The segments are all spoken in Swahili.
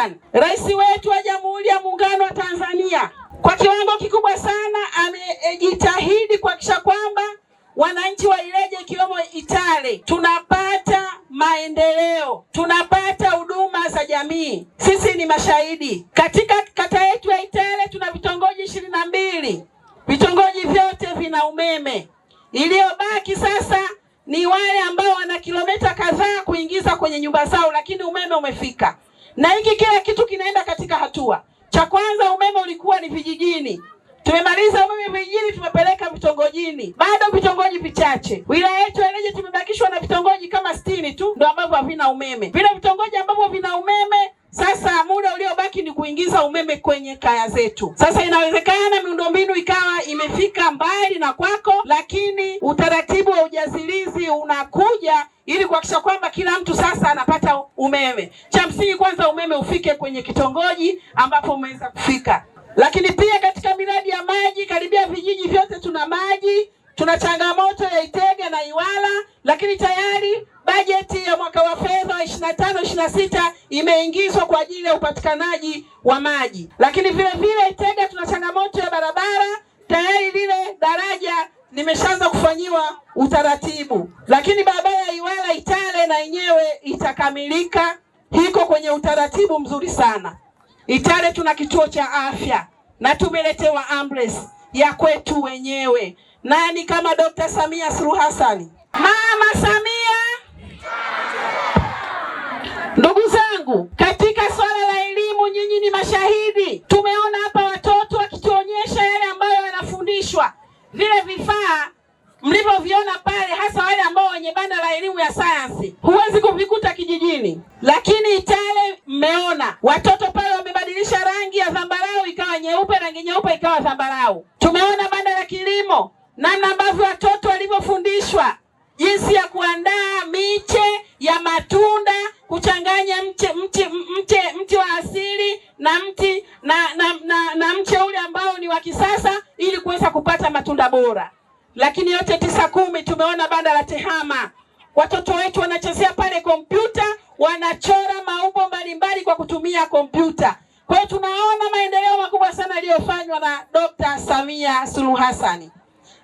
Hassan, rais wetu wa Jamhuri ya Muungano wa Tanzania kwa kiwango kikubwa sana amejitahidi kuhakikisha kwamba wananchi wa Ileje ikiwemo Itale tunapata maendeleo, tunapata huduma za jamii. Sisi ni mashahidi. Katika kata yetu ya Itale tuna vitongoji ishirini na mbili, vitongoji vyote vina umeme. Iliyobaki sasa ni wale ambao wana kilomita kadhaa kuingiza kwenye nyumba zao, lakini umeme umefika na hiki kila kitu kinaenda katika hatua. Cha kwanza umeme ulikuwa ni vijijini, tumemaliza umeme vijijini, tumepeleka vitongojini, bado vitongoji vichache. Wilaya yetu ya tumebakishwa na vitongoji kama sitini tu ndio ambavyo havina umeme. Vile vitongoji ambavyo vina umeme sasa muda uliobaki ni kuingiza umeme kwenye kaya zetu. Sasa inawezekana miundombinu ikawa imefika mbali na kwako, lakini utaratibu wa ujazilizi unakuja ili kuhakikisha kwamba kila mtu sasa anapata umeme. Cha msingi kwanza, umeme ufike kwenye kitongoji ambapo umeweza kufika, lakini pia katika miradi ya maji, karibia vijiji vyote tuna maji. Tuna changamoto ya Itega na Iwala, lakini tayari bajeti ya mwaka wa fedha 25 26 imeingizwa kwa ajili ya upatikanaji wa maji, lakini vile vile Itega tuna changamoto ya barabara, tayari lile daraja nimeshaanza kufanyiwa utaratibu, lakini barabara ya Iwala Itale na yenyewe itakamilika, hiko kwenye utaratibu mzuri sana. Itale tuna kituo cha afya na tumeletewa ambulance ya kwetu wenyewe. Nani kama Dr. Samia Suluhu Hassan, Mama Samia mlivyoviona pale, hasa wale ambao wenye banda la elimu ya sayansi, huwezi kuvikuta kijijini. Lakini Itale mmeona watoto pale wamebadilisha rangi ya zambarau ikawa nyeupe, rangi nyeupe ikawa zambarau. Tumeona banda la kilimo, namna ambavyo watoto walivyofundishwa jinsi ya kuandaa miche ya matunda, kuchanganya mche mche mche mche wa asili na mti na na, na, na mche ule ambao ni wa kisasa ili kuweza kupata matunda bora lakini yote tisa kumi tumeona banda la tehama. Watoto wetu wanachezea pale kompyuta, wanachora maumbo mbalimbali kwa kutumia kompyuta. Kwa hiyo tunaona maendeleo makubwa sana yaliyofanywa na Dr. Samia Suluhu Hassan.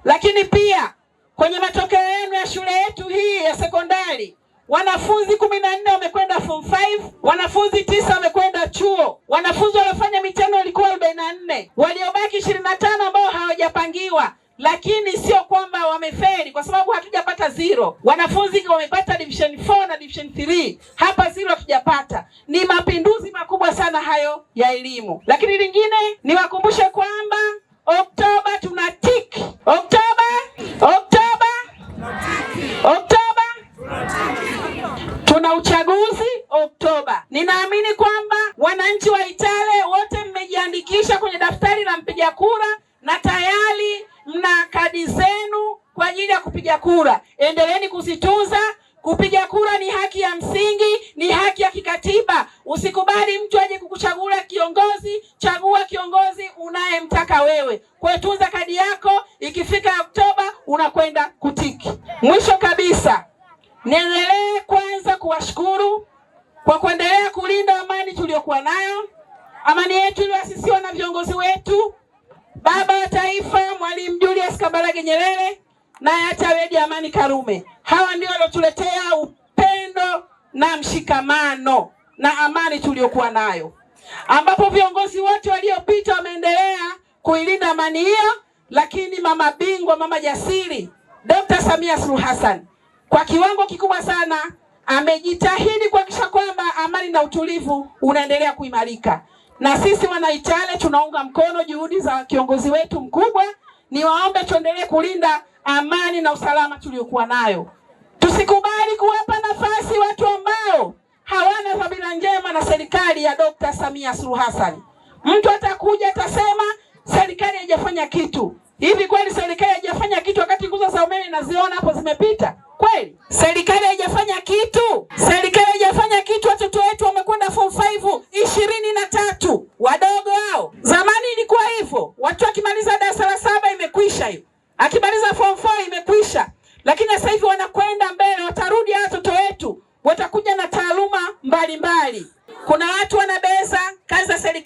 Lakini pia kwenye matokeo yenu ya shule yetu hii ya sekondari wanafunzi kumi na nne wamekwenda form 5, wanafunzi tisa wamekwenda chuo, wanafunzi waliofanya mitihani walikuwa arobaini na nne, waliobaki ishirini na tano ambao hawajapangiwa lakini sio kwamba wamefeli, kwa sababu hatujapata zero. Wanafunzi wamepata division 4 na division 3, hapa zero hatujapata. Ni mapinduzi makubwa sana hayo ya elimu. Lakini lingine niwakumbushe kwamba Oktoba tuna tick. Oktoba, Oktoba, Oktoba tuna uchaguzi Oktoba. Ninaamini kwamba wananchi wa Itale wote mmejiandikisha kwenye daftari la mpiga kura kupiga kura. Endeleeni kuzitunza. Kupiga kura ni haki ya msingi, ni haki ya kikatiba. Usikubali mtu aje kukuchagula kiongozi, chagua kiongozi unayemtaka wewe. Kwa tunza kadi yako, ikifika Oktoba unakwenda kutiki. Mwisho kabisa, niendelee kwanza kuwashukuru kwa kuendelea kulinda amani tuliyokuwa nayo, amani yetu iliyoasisiwa na viongozi wetu, baba wa taifa Mwalimu Julius Kambarage Nyerere na hata Wedi Amani Karume. Hawa ndio waliotuletea upendo na mshikamano na amani tuliyokuwa nayo, ambapo viongozi wote waliopita wameendelea kuilinda amani hiyo. Lakini mama bingwa, mama jasiri, Dr. Samia Suluhu Hassan kwa kiwango kikubwa sana amejitahidi kuhakikisha kwamba amani na utulivu unaendelea kuimarika, na sisi Wanaitale tunaunga mkono juhudi za kiongozi wetu mkubwa. Niwaombe tuendelee kulinda amani na usalama tuliokuwa nayo. Tusikubali kuwapa nafasi watu ambao hawana dhamira njema na serikali ya Dr. Samia Suluhu Hassan. Mtu atakuja atasema serikali haijafanya kitu. Hivi kweli serikali haijafanya kitu wakati nguzo za umeme naziona hapo zimepita? Kweli serikali haijafanya kitu? Serikali